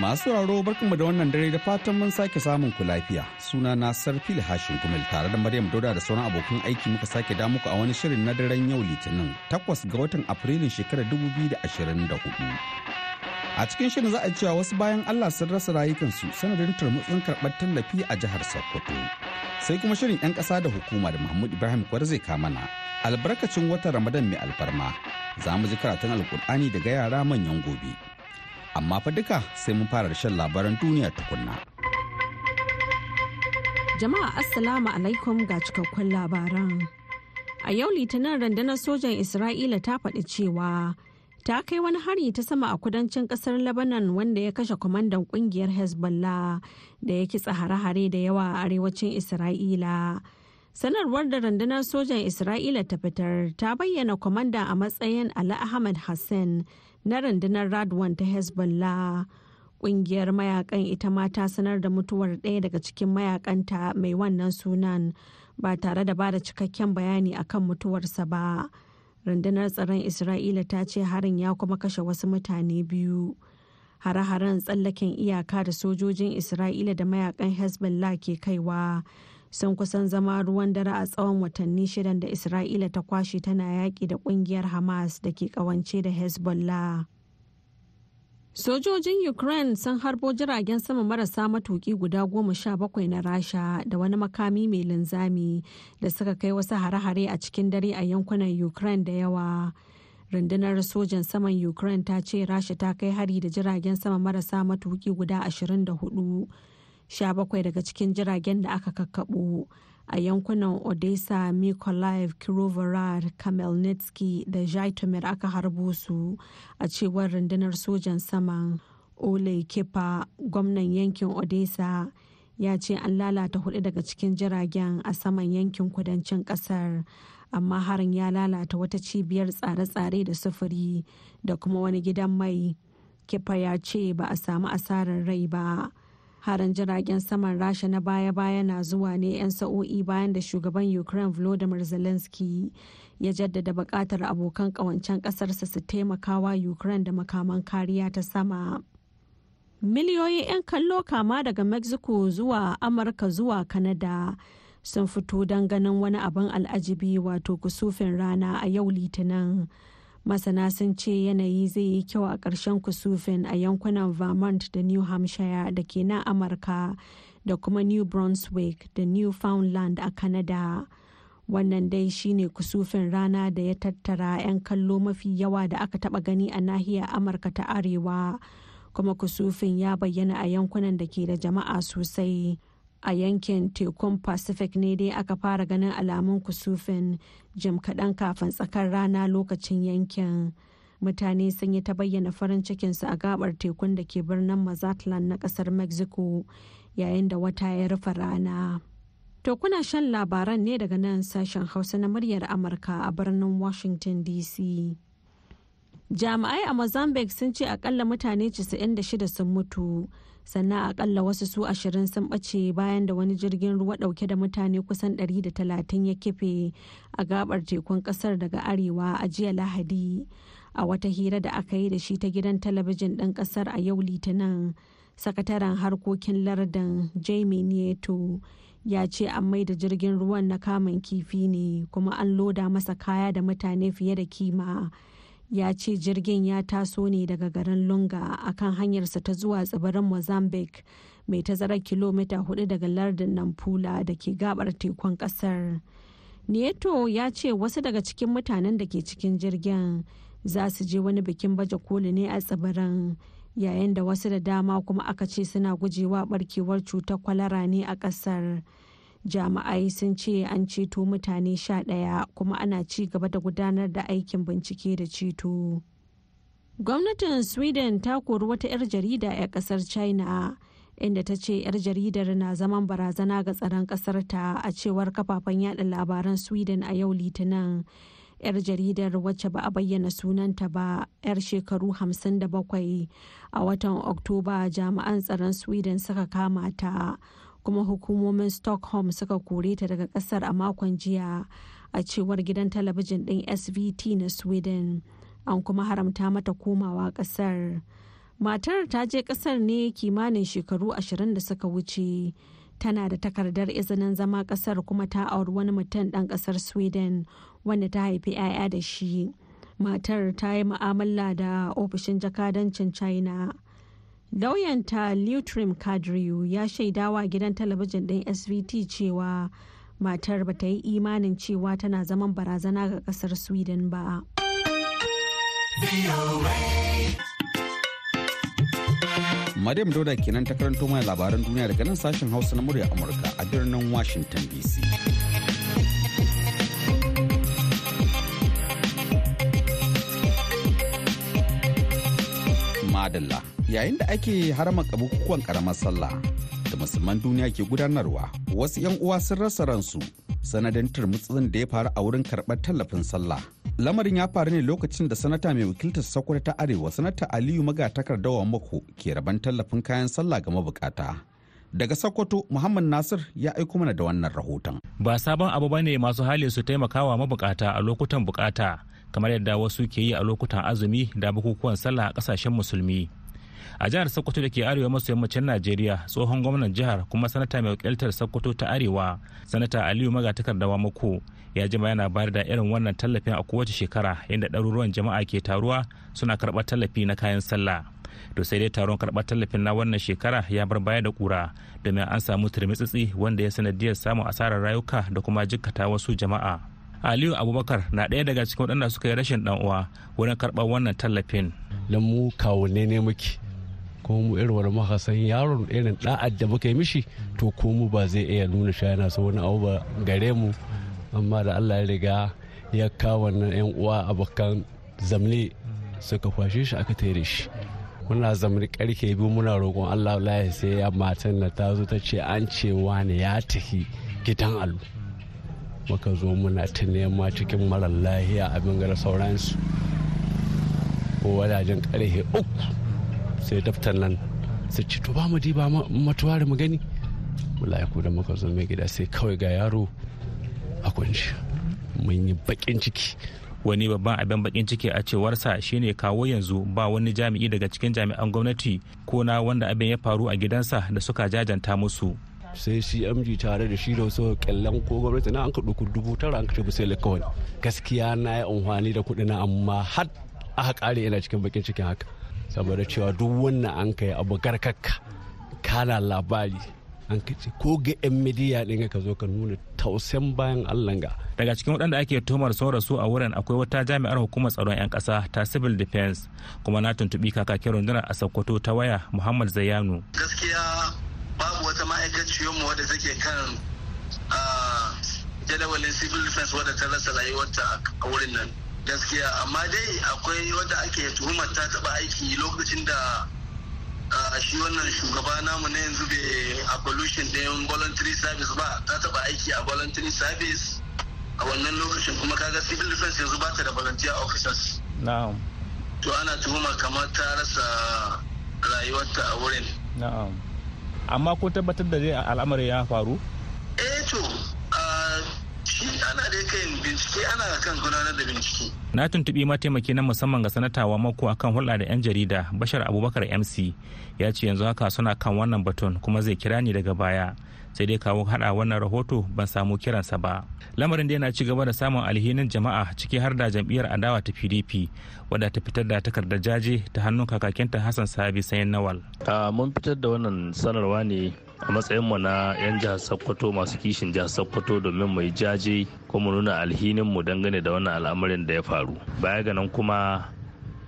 Masu sauraro barkanmu da wannan dare da fatan mun sake samun ku lafiya. Suna na Sarfil Hashin kumil tare da Maryam Dauda da sauran abokan aiki muka sake da muku a wani shirin na daren yau Litinin takwas ga watan Afrilun shekarar 2024. A cikin shirin za a cewa wasu bayan Allah sun rasa rayukansu sanadin turmutsin karɓar tallafi a jihar Sokoto. Sai kuma shirin 'yan ƙasa da hukuma da Mahmud Ibrahim Kwar zai kamana. Albarkacin watan Ramadan mai alfarma. Za mu ji karatun Alkur'ani daga yara manyan gobe. amma fa duka sai mun fara shan labaran duniya tukunna. Jama'a Assalamu alaikum ga cikakkun labaran. A yau litinin randanar sojan Isra'ila ta faɗi cewa ta kai wani hari ta sama a kudancin ƙasar Lebanon wanda ya kashe kwamandan ƙungiyar Hezbollah da ya kitsa hare-hare da yawa a arewacin Isra'ila. sanarwar da randanar sojan isra'ila ta fitar ta bayyana kwamandan a matsayin ali ahmad hassan na rundunar radwan ta hezbollah kungiyar mayakan ita ma ta sanar da mutuwar ɗaya daga cikin mayakanta mai wannan sunan ba tare da bada cikakken bayani akan mutuwarsa ba rundunar tsaron isra'ila ta ce harin ya kuma kashe wasu mutane biyu hare-haren tsallaken iyaka da sojojin isra'ila da mayakan hezbollah ke kaiwa sun kusan zama ruwan dare a tsawon watanni shidan da isra'ila ta kwashe tana yaƙi da ƙungiyar hamas da ke ƙawance da hezbollah sojojin ukraine sun harbo jiragen sama marasa matuƙi guda goma sha bakwai na rasha da wani makami mai linzami da suka kai wasu hare-hare a cikin dare a yankunan ukraine da yawa rundunar sojan saman ukraine ta ce rasha ta kai hari da jiragen sama marasa matuki guda 24 17 daga cikin jiragen da aka kakkaɓo a yankunan odessa mykolaiv kirovohrad kamelnitsky da zhytomyr aka harbo su a cewar rundunar sojan saman ole kepa gwamnan yankin odessa ya ce an lalata hudu daga cikin jiragen a saman yankin kudancin kasar amma harin ya lalata wata cibiyar tsare-tsare da sufuri da kuma wani gidan mai kepa ya ce ba a samu asarar rai ba harin jiragen saman rasha na baya-baya na zuwa ne 'yan sa'o'i bayan da shugaban ukraine volodymyr zelensky ya jaddada bukatar abokan kawancen kasarsa su taimakawa ukraine da makaman kariya ta sama miliyoyin 'yan kallo kama daga mexico zuwa amurka zuwa canada sun fito don ganin wani abin al'ajibi wato kusufin rana a yau litinin masana sun ce yanayi zai yi kyau a ƙarshen kusufin a yankunan vermont da new hampshire da ke na amurka da kuma new brunswick da newfoundland a canada wannan dai shine kusufin rana da ya tattara 'yan kallo mafi yawa da aka taba gani a nahiyar amurka ta arewa kuma kusufin ya bayyana a yankunan da ke da jama'a sosai a yankin tekun pacific ne dai aka fara ganin alamun kusufin jim kaɗan kafin tsakar rana lokacin yankin mutane sun yi ta bayyana farin cikinsu a gabar tekun da ke birnin mazatlan na ƙasar mexico yayin da wata ya rufe rana to kuna shan labaran ne daga nan sashen hausa na muryar amurka a birnin washington dc jami'ai a mozambique sun ce akalla mutane 96 sun mutu sannan akalla wasu su ashirin sun ɓace bayan da wani jirgin ruwa ɗauke da mutane kusan 130 ya kife a gabar tekun ƙasar daga arewa a jiya lahadi a wata hira da aka yi da shi ta gidan talabijin ɗin ƙasar a yau litinin sakataren harkokin lardin jaime nieto ya ce an maida jirgin ruwan na kamun kifi ne kuma an loda masa kaya da mutane fiye da kima ya ce jirgin ya taso ne daga garin lunga a kan hanyarsa ta zuwa tsibirin mozambique mai tazarar kilomita hudu daga lardin nampula da ke gabar tekun kasar nieto ya ce wasu daga cikin mutanen da ke cikin jirgin za su je wani bikin baje koli ne a tsibirin yayin da wasu da dama kuma aka ce suna gujewa barkewar cutar kwalara ne a kasar. jami'ai sun ce an ceto mutane sha ɗaya kuma ana ci gaba da gudanar da aikin bincike da ceto gwamnatin sweden ta kori wata 'yar jarida a kasar china inda ta ce 'yar jaridar na zaman barazana ga tsaron kasar a cewar kafafen yada labaran sweden a yau litinin 'yar jaridar wacce ba a bayyana sunanta ba 'yar shekaru 57 a watan oktoba jami'an tsaron sweden suka kama ta kuma hukumomin stockholm suka kore ta daga kasar a makon jiya a cewar gidan talabijin ɗin svt na sweden an kuma haramta mata komawa kasar matar ta je kasar ne kimanin shekaru ashirin da suka wuce tana da takardar izinin zama kasar kuma ta auri wani mutum ɗan kasar sweden wanda ta haifi 'ya'ya da shi matar ta yi ma'amala da ofishin jakadancin china lauyanta leutrim Kadriyu ya shaidawa gidan talabijin ɗin svt cewa matar ba ta yi imanin cewa tana zaman barazana ga kasar sweden ba Maryam doda kenan ta karanto mana labaran duniya daga nan sashen Hausa na murya Amurka a birnin Washington DC. Madalla. yayin da ake haramaka bukukuwan karamar sallah da musulman duniya ke gudanarwa wasu 'yan uwa sun rasa ransu sanadin turmutsin da ya faru a wurin karɓar tallafin sallah lamarin ya faru ne lokacin da sanata mai wakiltar sokoto ta arewa sanata aliyu magatakarda wa mako ke raban tallafin kayan sallah ga mabukata daga sokoto muhammad nasir ya aiko mana da wannan rahoton ba sabon abu bane masu hali su taimaka wa mabukata a lokutan bukata kamar yadda wasu ke yi a lokutan azumi da bukukuwan sallah a kasashen musulmi a jihar sokoto da ke arewa maso yammacin najeriya tsohon gwamnan jihar kuma sanata mai wakiltar sokoto ta arewa sanata aliyu magatakardawa mako ya jima yana bayar da irin wannan tallafin a kowace shekara inda ɗaruruwan jama'a ke taruwa suna karɓar tallafi na kayan sallah to sai dai taron karɓar tallafin na wannan shekara ya bar baya da kura domin an samu turmitsitsi wanda ya sanadiyar samun asarar rayuka da kuma jikkata wasu jama'a aliyu abubakar na ɗaya daga cikin waɗanda suka yi rashin ɗan uwa wurin karɓar wannan tallafin lamu kawo ne ne muke kuma mu irin wani muka yaron irin da'ad da muka yi mishi to ko mu ba zai iya nuna shi yana so wani abu ba gare mu amma da Allah ya riga ya kawo wannan yan uwa abokan zamle suka kwashe shi aka tere shi muna zamani karke biyu muna roƙon Allah wallahi sai ya matan na ta zo ta ce an ce wani ya tafi gidan alu muka zo muna ta nema cikin marar lahiya abin gara sauransu ko wadajen karfe uku sai daftar nan su ci to ba mu ba matuwari mu gani wallahi ko da muka zo mai gida sai kawai ga yaro a kunshi mun yi bakin ciki wani babban abin bakin ciki a cewarsa shine kawo yanzu ba wani jami'i daga cikin jami'an gwamnati ko na wanda abin ya faru a gidansa da suka jajanta musu sai shi cmg tare da shi da wasu kyallan ko gwamnati na an ka ɗauki dubu tara an ka sai lakawai gaskiya na yi amfani da kuɗi na amma har aka ƙare yana cikin bakin cikin haka saboda cewa duk wannan an kai abu garkakka kana labari an kace ko ga 'yan midiya din ka zo ka nuna tausan bayan allah ga daga cikin waɗanda ake tuhumar sun rasu a wurin akwai wata jami'ar hukumar tsaron 'yan ƙasa ta civil defense kuma na tuntuɓi kakakin rundunar a sokoto ta waya muhammad zayanu gaskiya babu wata ma'aikaciyar mu wadda take kan ah, jadawalin civil defense wadda ta rasa rayuwarta a wurin nan gaskiya amma dai akwai wadda ake tuhumar ta taba aiki lokacin da shi wannan shugaba namu na yanzu bai a pollution ɗin voluntary service ba ta taba aiki a voluntary service a wannan lokacin kuma kaga civil defense yanzu ba ta da volunteer officers na'am to ana tuhuma kamar ta rasa rayuwarta a wurin na'am amma ko tabbatar da zai al'amarin ya faru eh to shi ana da yin bincike ana kan gudanar da bincike na tuntubi mataimaki na musamman ga sanatawa mako akan hulɗa da 'yan jarida bashar abubakar mc ya ce yanzu haka suna kan wannan batun kuma zai kira ni daga baya sai dai kawo hada wannan rahoto ban samu kiransa ba lamarin da yana ci gaba da samun alhinin jama'a ciki har da jam'iyyar adawa ta pdp wadda ta fitar da takardar jaje ta hannun kakakinta hassan sabi sayan nawal mun fitar da wannan sanarwa ne a matsayinmu na 'yan jihar sokoto masu kishin jihar sokoto domin mu jaje kuma nuna mu dangane da wannan al'amarin da ya faru baya ga nan kuma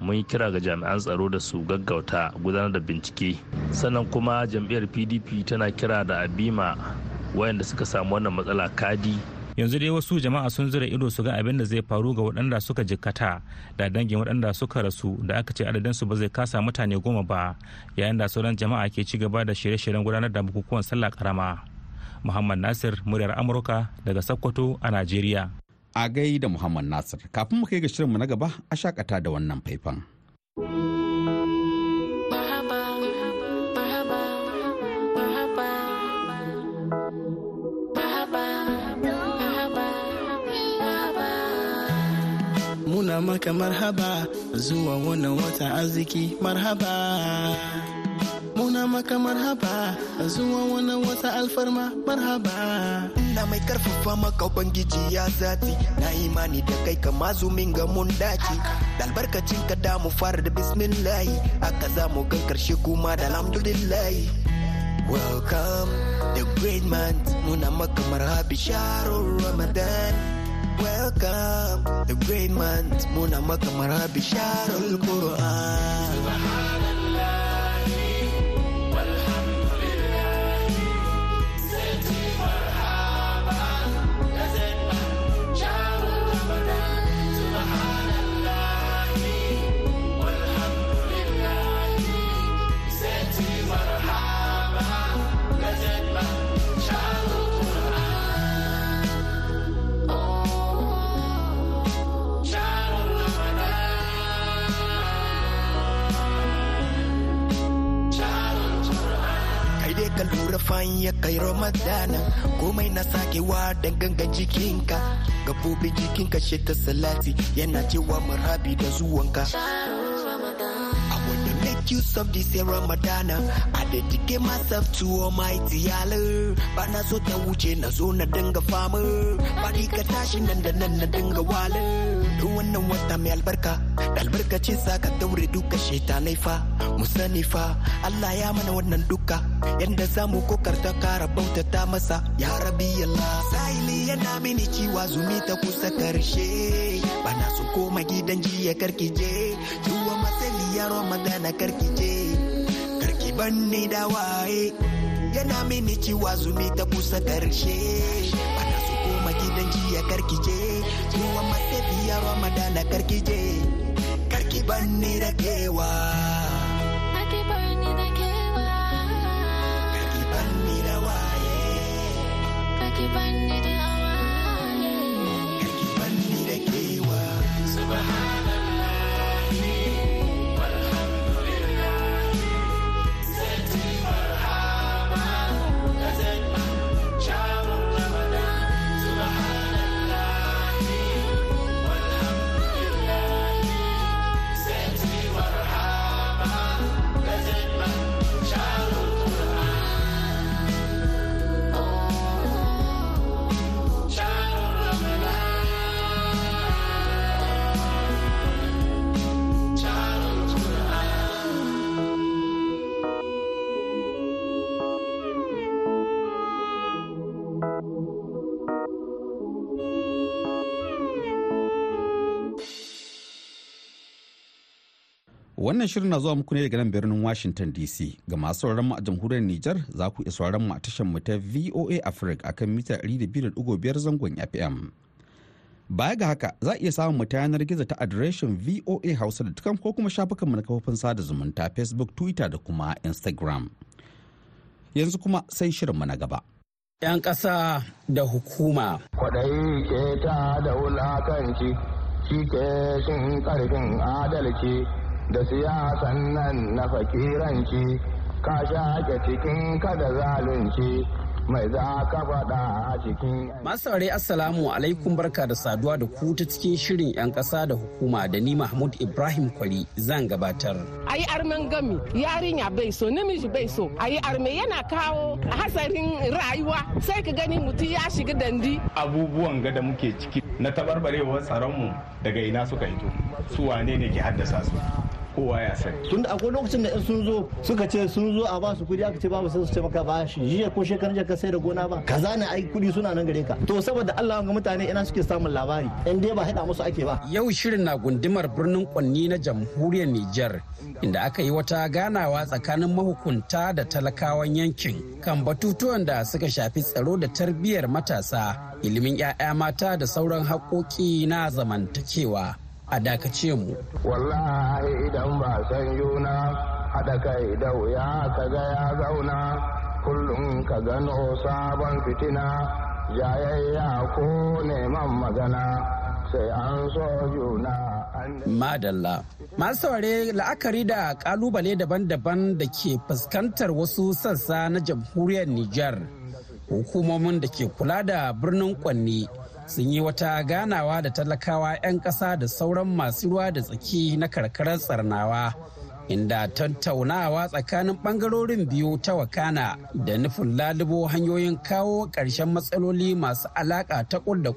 mun yi kira ga jami'an tsaro da su gaggauta gudanar da bincike sannan kuma jam'iyyar pdp tana kira da abima wayanda suka samu wannan matsala kadi yanzu dai wasu jama'a sun zira ido su ga abin da zai faru ga waɗanda suka jikkata da dangin waɗanda suka rasu da aka ce adadin su ba zai kasa mutane goma ba yayin da sauran jama'a ke ci gaba da shirye-shiryen gudanar da bukukuwan sallah karama muhammad nasir muryar amurka daga sokoto a najeriya a gai da Muhammad Nasir. Kafin mu kai ga shirinmu na gaba a shakata da wannan faifan. Muna maka marhaba zuwa wannan wata arziki marhaba. Muna maka marhaba zuwa wannan wata alfarma marhaba. Allah mai karfafa maka ubangiji ya zati na imani da kai ka mazumin ga mun dace da albarkacin ka da mu fara da bismillah aka za mu gan karshe kuma da alhamdulillah welcome the great man muna maka marhabi sharon ramadan welcome the great man muna maka marhabi sharon qur'an ya kai ramadana komai na sakewa da gangan jikinka gabobin jikinka shi ta salati yana cewa marhabi da zuwanka use of this year Ramadana. I dedicate myself to Almighty Allah. Bana so ta wuce na zo na dinga fama. Bari ka tashi nan da nan na dinga wala. Duk wannan wata mai albarka. albarkacin sa ka daure duka shetanai fa mu sani fa Allah ya mana wannan duka yanda za mu kokarta kara bautata masa ya rabi Allah sahili yana mini ciwa zumi ta kusa karshe bana su koma gidan jiya karkije tuwa masali yaro magana karkije karki banni da waye yana mini ciwa zumi ta kusa karshe bana su koma gidan jiya karkije tuwa masali yaro magana karkije banni da kewa. Wannan shirin na zuwa muku ne daga nan birnin Washington DC. Ga masu sauraron mu a jamhuriyar Nijar za ku iya sauraron mu a tashar mu ta VOA Africa akan mita 200.5 zangon FM. Baya ga haka za iya samun mu ta yanar gizo ta adireshin VOA Hausa da tukan ko kuma shafukan mu na kafofin sada zumunta Facebook, Twitter da kuma Instagram. Yanzu kuma sai shirin mu na gaba. 'Yan kasa da hukuma. Kwaɗayi ke ta da wulakanci, shi ke sun ƙarfin adalci, da siyasan nan na fakiranci ka shake cikin kada zalunci mai za ka faɗa a cikin masu saurari assalamu alaikum barka da saduwa da ku ta cikin shirin 'yan ƙasa da hukuma da ni mahmud ibrahim kwari zan gabatar a yi armen gami yarinya bai so namiji bai so a yi arme yana kawo hasarin rayuwa sai ka gani mutum ya shiga dandi abubuwan gada muke ciki na taɓarɓarewar tsaronmu daga ina suka hito su wane ne ke haddasa su kowa ya sani tunda akwai lokacin da yan sun zo suka ce sun zo a ba su kudi aka ce babu sai su ce maka ba shi jiya ko shekaran jiya ka sai da gona ba kaza ne ai kudi suna nan gare ka to saboda Allah ga mutane ina suke samun labari in dai ba haɗa musu ake ba yau shirin na gundumar birnin kwanni na jamhuriyar Nijar inda aka yi wata ganawa tsakanin mahukunta da talakawan yankin kan batutuwan da suka shafi tsaro da tarbiyyar matasa ilimin 'ya'ya mata da sauran haƙoƙi na zamantakewa a dakace mu. Wallahi idan ba san yuna haɗa kai da wuya ka ga ya zauna kullum ka gano sabon fitina jayayya ko neman magana sai an so juna. Madalla. Masu la'akari da kalubale daban-daban da ke fuskantar wasu sassa na jamhuriyar Nijar, hukumomin da ke kula da birnin kwanni. sun yi wata ganawa da talakawa 'yan ƙasa da sauran masu ruwa da tsaki na karkarar tsarnawa inda tattaunawa tsakanin ɓangarorin biyu ta wakana da nufin lalubo hanyoyin kawo ƙarshen matsaloli masu alaƙa ta ƙud da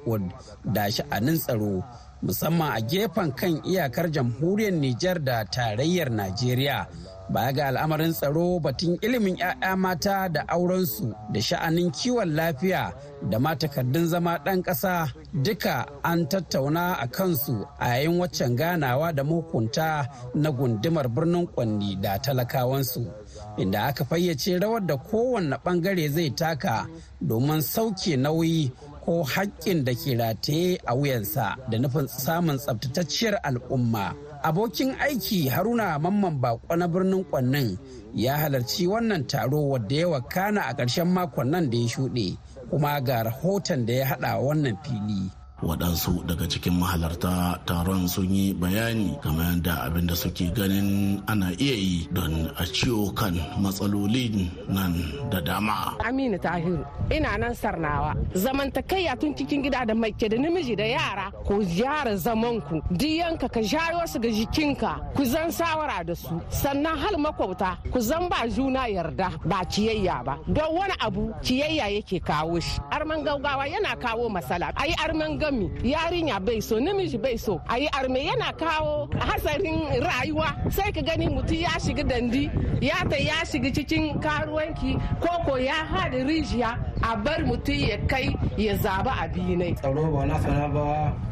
da sha'anin tsaro musamman a gefen kan iyakar jamhuriyar Nijar da tarayyar Najeriya. ba ga al'amarin tsaro batun ilimin 'ya'ya mata da aurensu da sha'anin kiwon lafiya da ma takardun zama ɗan ƙasa duka an tattauna a kansu a yayin waccan ganawa da mukunta na gundumar birnin kwanni da talakawansu inda aka fayyace rawar da kowanne ɓangare zai taka domin sauke nauyi ko haƙƙin da ke rataye a wuyansa da nufin samun tsabtatacciyar al'umma abokin aiki haruna mamman bako na birnin kwannin ya halarci wannan taro wadda ya wakana a ƙarshen makon nan da ya shuɗe kuma ga rahoton da ya haɗa wannan fili waɗansu daga cikin mahalarta taron sun yi bayani kamar yadda abin da suke ganin ana iya yi don a ciwo kan matsalolin nan da dama. Aminu Tahiru, ina nan sarnawa. Zamantakayya tun cikin gida da maike da namiji da yara ko ziyara zamanku. Diyanka ka jayo su ga jikinka ku zan sawara da su. Sannan hal makwabta ku zan ba juna yarda ba ciyayya ba. Don wani abu ciyayya yake kawo shi. Arman gaugawa yana kawo masala. Ai arman don mi yarinya bai so namiji bai so a yi arme yana kawo hasarin rayuwa sai ka gani mutum ya shiga dandi ya ta ya shiga cikin karuwanki koko ya hada rijiya a bar mutum ya kai ya zaba a binai. tsaro ba na sana ba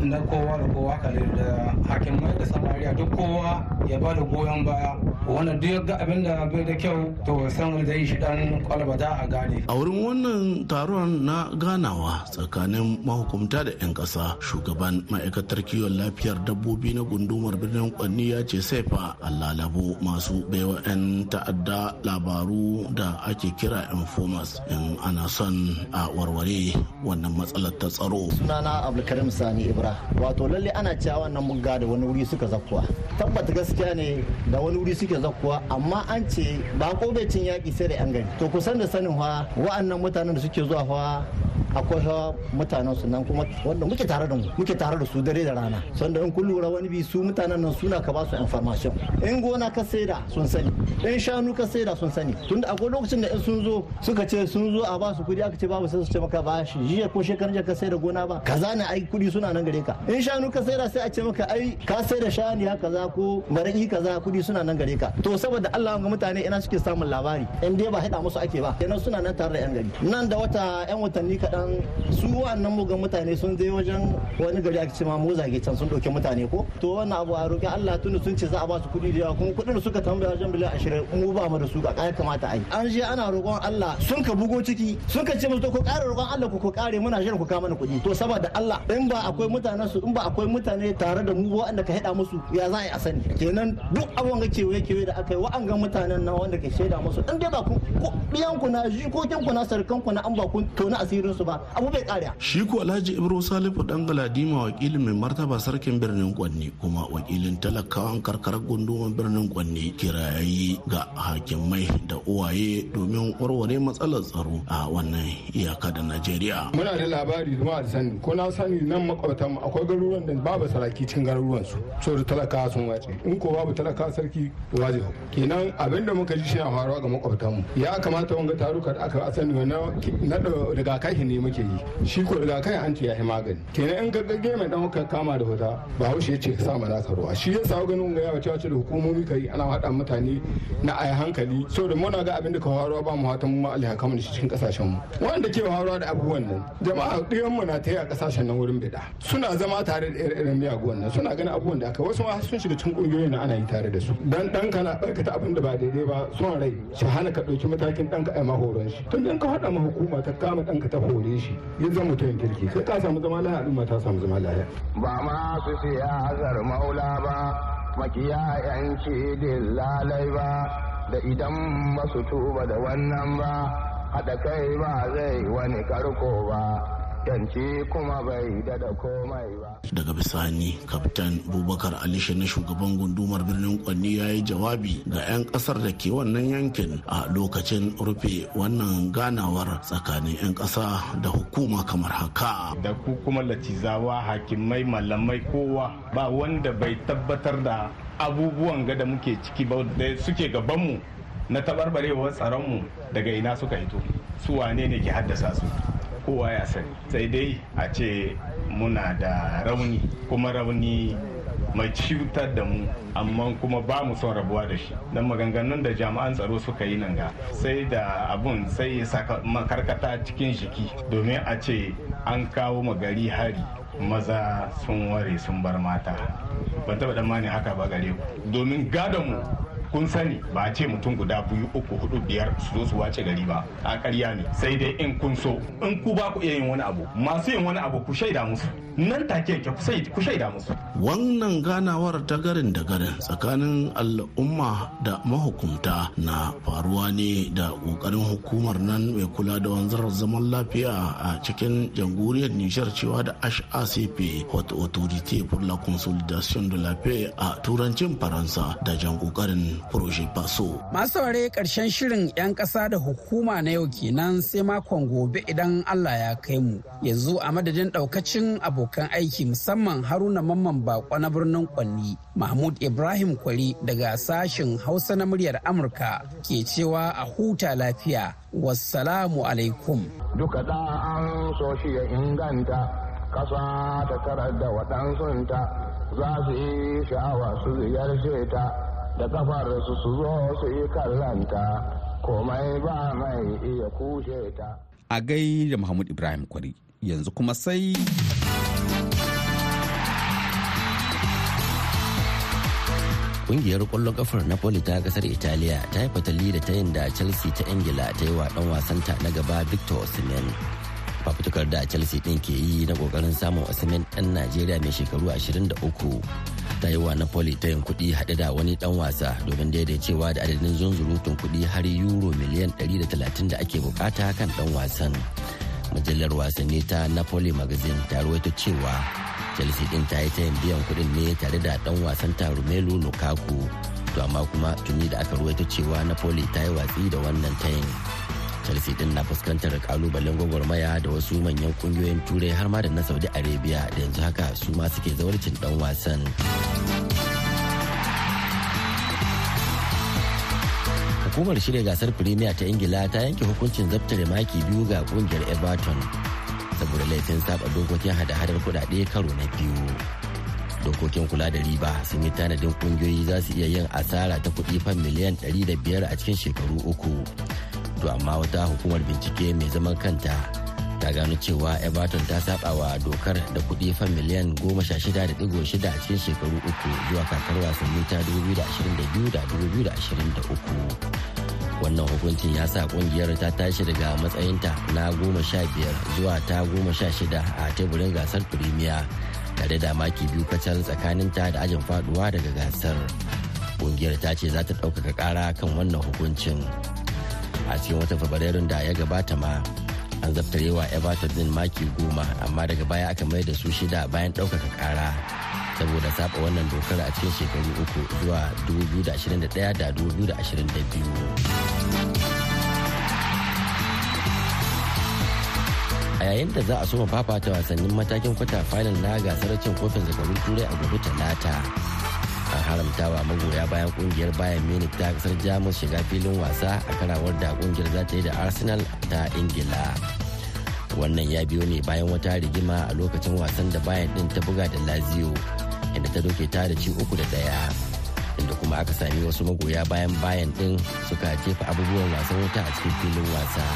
na kowa da kowa kare da mai da samariya duk kowa ya ba da goyon baya wanda duk ga abin da bai da kyau to san zai shi dan kwalbata a gane a wurin wannan taron na ganawa tsakanin mahukumta da 'yan kasa shugaban ma'aikatar kiwon lafiyar dabbobi na gundumar birnin kwanni ya ce sai fa allalabo masu baiwa 'yan ta'adda labaru da ake kira informers in ana son don a warware wannan matsalar ta tsaro sunana abdulkarim sani ibra wato lalle ana cewa wannan mugga da wani wuri suka zakkuwa tabbata gaskiya ne da wani wuri suke zakkuwa amma an ce ba ko yaƙi sai da yan gari to kusan da sanin wa wa'annan mutanen da suke zuwa fa akwai mutanen su nan kuma wanda muke tare da mu muke tare da su dare da rana sanda in kun lura wani bi su mutanen nan suna ka ba su information in gona ka saida sun sani in shanu ka saida sun sani da akwai lokacin da in sun zo suka ce sun zo a ba su kudi aka ce babu sai su ce maka bashi jiya ko shekaran jiya ka saida gona ba kaza ne ai kudi suna nan gare ka in shanu ka saida sai a ce maka ai ka saida shaniya kaza ko maraki kaza kudi suna nan gare ka to saboda Allah ga mutane ina suke samun labari in dai ba haɗa musu ake ba kenan suna nan tare da yan gari nan da wata yan watanni kaɗan sannan su wa'annan mugan mutane sun je wajen wani gari a cikin mu zage can sun ɗauki mutane ko to wannan abu a roƙi Allah tun sun ce za a ba su kuɗi da yawa kuma kuɗin da suka tambaya wajen biliyan ashirin mu ba mu da su ga ƙaya kamata a yi an je ana roƙon Allah sun ka bugo ciki sun ka ce musu ku ƙara roƙon Allah ku ku ƙare muna shirin ku kama mana kuɗi to saboda Allah in ba akwai mutanen su in ba akwai mutane tare da mu waɗanda ka haɗa musu ya za a yi a sani kenan duk abin ga kewaye kewaye da aka yi wa'angan mutanen nan wanda ke shaida musu in dai ba ku biyan ku na jikokin ku na sarkan ku na an ba ku to na asirin su ba ba abu bai kare shi ko alhaji ibro salifu dan galadima wakilin mai martaba sarkin birnin kwanni kuma wakilin talakawan karkarar gunduman birnin kwanni kirayayi ga hakimai da uwaye domin warware matsalar tsaro a wannan iyaka da najeriya muna da labari zuwa da sani ko na sani nan makwabtan akwai garuruwan da babu saraki cikin garuruwan su so da sun wace in ko babu talakawa sarki waje kenan abinda muka ji shi a faruwa ga makwabtan mu ya kamata wanga taruka da aka sani na daga kai ne muke yi shi ko an anti ya yi magani kenan an gaggage mai dan hukar kama da wuta ba haushe ya ce sa ma naka ruwa shi ya sa ganin ga yawa cewa da hukumomi kai ana hada mutane na a hankali saboda muna ga abin da ka haro ba mu hatan mu alhakamu da shi cikin kasashen mu wanda ke haro da abubuwan nan jama'a ɗiyan mu na taya kasashen nan wurin bida suna zama tare da irin miyaguwan nan suna ganin abubuwan da aka wasu ma sun shiga cikin kungiyoyin na ana yi tare da su dan dan kana barkata abin da ba daidai ba son rai shi hana ka dauki matakin ka a mahoron shi tun ka hada ma hukuma ta kama ka ta hore yi shi ya zama mutumin kirki sai ka samu zama lahiya al'umma ta samu zama lahiya ba ma su siya siyasar maula ba makiya yanci lalai ba da idan ba su tuba da wannan ba haɗa kai ba zai wani karko ba kuma bai dada komai ba. Daga bisani, Kaftan Bubakar Alisha na shugaban gundumar birnin Kwanni ya yi jawabi ga 'yan kasar da ke wannan yankin a lokacin rufe wannan ganawar tsakanin 'yan kasa da hukuma kamar haka. Da ku kuma latizawa hakimai malamai kowa ba wanda bai tabbatar da abubuwan ga da muke ciki ba da suke gabanmu na tabarbarewar tsaronmu daga ina suka hito su wane ne ke haddasa su kowa ya sani sai dai a ce muna da rauni kuma rauni mai cutar da mu amma kuma ba mu son rabuwa da shi don maganganun da jami'an tsaro suka yi nan ga sai da abun sai ya makarkata cikin jiki domin a ce an kawo magari hari maza sun ware sun bar mata ban taba da mani haka ba gare ku domin gadonmu kun sani ba a ce mutum guda biyu uku hudu biyar su zo su wace gari ba a karya ne sai dai in kun so in ku ba ku iya yin wani abu masu yin wani abu ku shaida musu nan take ku shaida musu wannan ganawar ta garin da garin tsakanin al'umma da mahukunta na faruwa ne da kokarin hukumar nan mai kula da wanzar zaman lafiya a cikin jamhuriyar nishar cewa da hacp wato autorité pour la consolidation de la paix a turancin faransa da jan kokarin projet paso masu saurare karshen shirin 'yan kasa da hukuma na yau kenan sai makon gobe idan allah ya kai mu yanzu a madadin daukacin abokan aiki musamman haruna mamman bako na birnin kwanni mahmud ibrahim kwari daga sashen hausa na muryar amurka ke cewa a huta lafiya wassalamu alaikum duka da an so shi ya inganta kasa ta tarar da waɗansunta za su yi sha'awa su ziyarce ta da kafar su su zo su yi kallanta komai ba mai iya kushe ta a gai da mahmud ibrahim kwari yanzu kuma sai kungiyar kwallon kafar napoli ta kasar italiya ta yi fatali da tayin da chelsea ta ingila ta yi wa dan wasanta na gaba victor osimhen fafutukar da chelsea din ke yi na kokarin samun osimhen dan najeriya mai shekaru 23 ta yi wa napoli tayin kudi haɗe da wani dan wasa domin daidaicewa da adadin zunzurutun kudi har euro miliyan 130 da ake bukata kan dan wasan mujallar wasanni ta napoli magazine ta ruwaito cewa chelsea din ta yi ta yin biyan kudin ne tare da dan wasan ta romelu lukaku to amma kuma tuni da aka ruwaito cewa napoli ta yi watsi da wannan tayin chelsea din na fuskantar kalubalen gwagwarmaya da wasu manyan kungiyoyin turai har ma da na saudi arabia da yanzu haka su ma suke zawarcin dan wasan hukumar shirya gasar premier ta ingila ta yanke hukuncin zabtare maki biyu ga kungiyar everton saboda laifin saba dokokin hada-hadar kudade karo na biyu dokokin kula da riba sun yi tanadin kungiyoyi za su iya yin asara ta kuɗi fan miliyan 500 a cikin shekaru uku to amma wata hukumar bincike mai zaman kanta ta gano cewa everton ta saba wa dokar da kuɗi fan miliyan 16.6 a cikin shekaru uku zuwa kakar wasanni ta 2022 da 2023 wannan hukuncin ya sa kungiyar ta tashi daga matsayinta na goma sha biyar zuwa ta goma sha shida a teburin gasar firimiya tare da maki biyu kacal tsakaninta da ajin faduwa daga gasar kungiyar ta ce za ta ɗaukaka ƙara kan wannan hukuncin a cikin watan fabrairun da ya gabata ma an zaftarewa everton din maki goma amma daga baya aka mai da su shida bayan ɗaukaka ƙara saboda saba wannan dokar a cikin shekaru uku zuwa 2021 da 2022 a yayin da za a soma fafata wasannin matakin kwata final na gasar cin kofin zakarun turai a gobe talata an haramtawa magoya bayan kungiyar bayan munich ta kasar jamus shiga filin wasa a karawar da kungiyar za ta yi da arsenal ta ingila wannan ya biyo ne bayan wata rigima a lokacin wasan da bayan din ta buga da lazio inda ta doke ta da ci uku da daya inda kuma aka sami wasu magoya bayan bayan din suka jefa abubuwan wasan wuta a cikin filin wasa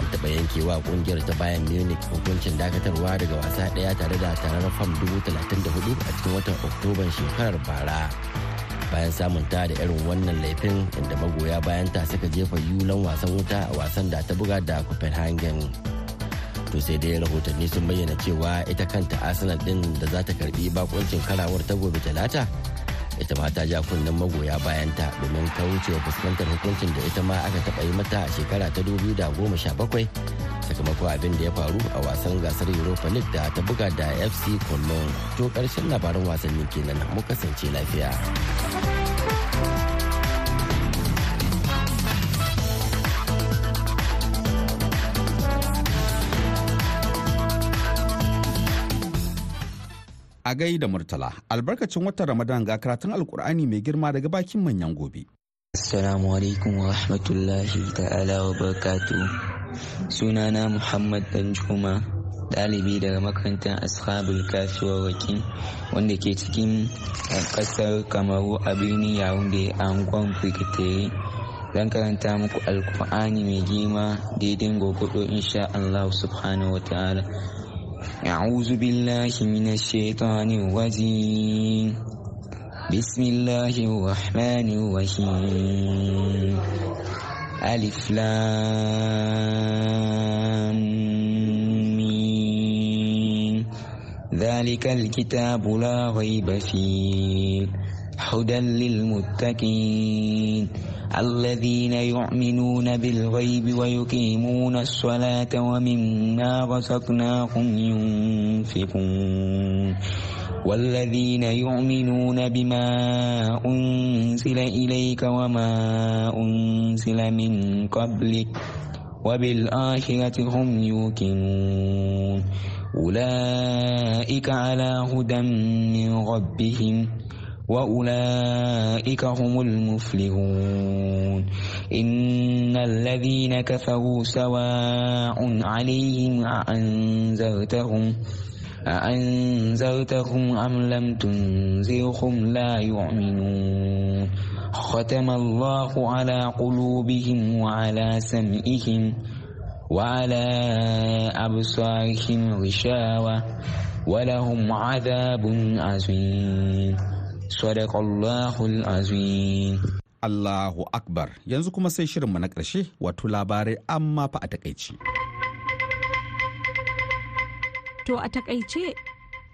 an taɓa yankewa kungiyar ta bayan munich hukuncin dakatarwa daga wasa ɗaya tare da tarar fam 34 a cikin watan oktoban shekarar bara bayan samun ta da irin wannan laifin inda magoya bayan ta suka jefa yulan wasan wuta a wasan da ta buga da copenhagen to sai dai rahotanni sun bayyana cewa ita kanta arsenal din da za ta karbi bakuncin karawar ta gobe talata ita ma ta ja kunnen magoya bayanta domin ta wuce wa fuskantar hukuncin da ita ma aka taɓa yi mata a shekara ta goma 2017 sakamakon abin da ya faru a wasan gasar europa league da ta buga da fc cologne to karshen labaran wasanni kenan mu kasance lafiya. a gai da murtala albarkacin watan ramadan ga karatun alkur'ani mai girma daga bakin manyan gobe assalamu alaikum wa rahmatullahi ta'ala wa barakatu sunana muhammad danjuma dalibi daga makarantar ashabul kasuwar waki wanda ke cikin kasar eh, kamaru a birnin da ya angon brigitare zan karanta muku alkur'ani mai girma daidai gogodo insha allahu subhanahu wa ta'ala أعوذ بالله من الشيطان الرجيم بسم الله الرحمن الرحيم ألف لام ذلك الكتاب لا ريب فيه هدى للمتقين الذين يؤمنون بالغيب ويقيمون الصلاة ومما رزقناهم ينفقون والذين يؤمنون بما أنزل إليك وما أنزل من قبلك وبالآخرة هم يوقنون أولئك على هدى من ربهم وأولئك هم المفلحون إن الذين كفروا سواء عليهم أأنذرتهم أأنذرتهم أم لم تنذرهم لا يؤمنون ختم الله على قلوبهم وعلى سمعهم وعلى أبصارهم غشاوة ولهم عذاب عظيم Sadaqallahul azim. Allahu Akbar yanzu kuma sai shirinmu na ƙarshe wato labarai amma fa a takaici. To a takaice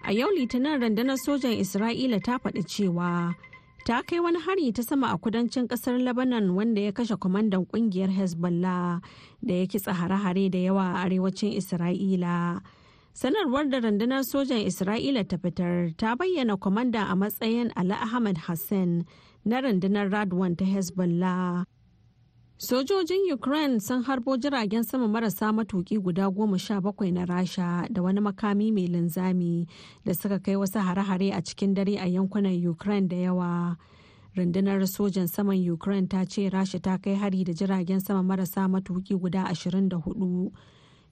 a yau litinin rundunar sojan Isra'ila ta faɗi cewa ta kai wani hari ta sama a kudancin ƙasar Lebanon wanda ya kashe kwamandan ƙungiyar Hezbollah da ya kitsa hare-hare da yawa a arewacin Isra'ila. sanarwar da rundunar sojan isra'ila ta fitar ta bayyana kwamanda a matsayin ali ahmad hassan na rundunar radwan ta hezbollah sojojin ukraine sun harbo jiragen sama marasa matuki guda goma sha bakwai na rasha da wani makami mai linzami da suka kai wasu hare-hare a cikin dare a yankunan ukraine da yawa rundunar sojan saman ukraine ta ce rasha ta kai hari da jiragen sama marasa matuki guda 24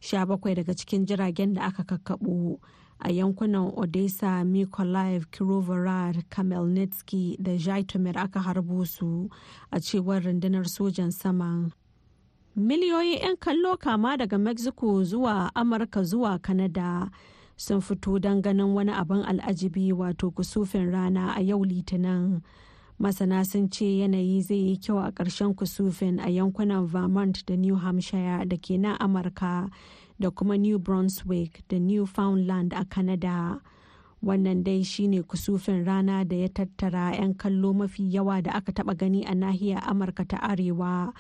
17 daga cikin jiragen da aka kakkaɓo a yankunan odessa mikolaev kirovohrad kamelnitsky da zhytomyr aka harbo su a cewar rundunar sojan sama miliyoyin 'yan kallo kama daga mexico zuwa amurka zuwa canada sun fito don ganin wani abin al'ajibi wato kusufin rana a yau litinin masana sun ce yanayi zai yi kyau a ƙarshen kusufin a yankunan vermont da new hampshire da ke na amurka da kuma new brunswick da newfoundland a canada wannan dai shine kusufin rana da ya tattara 'yan kallo mafi yawa da aka taba gani a nahiyar amurka ta arewa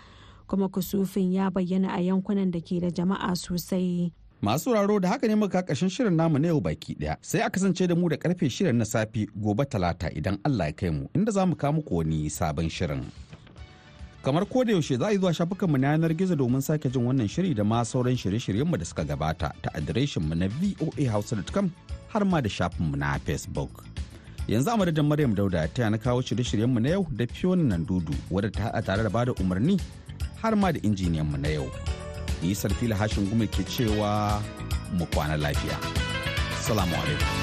kuma kusufin ya bayyana a yankunan da ke da jama'a sosai Masu sauraro da haka ne muka kashin shirin namu na yau baki ɗaya sai a kasance da mu da karfe shirin na safe gobe talata idan Allah ya kai mu inda za mu kawo muku wani sabon shirin. Kamar ko da yaushe za a yi zuwa mu na yanar gizo domin sake jin wannan shiri da ma sauran shirye mu da suka gabata ta adireshin mu na voahouse.com har ma da shafinmu na Facebook. Yanzu a madadin Maryam Dauda ta na kawo shirye-shiryenmu na yau da Fiona Nandudu wadda ta haɗa tare da bada umarni har ma da mu na yau. nisar fili hashin gume ke cewa mu kwana lafiya salamu alaikum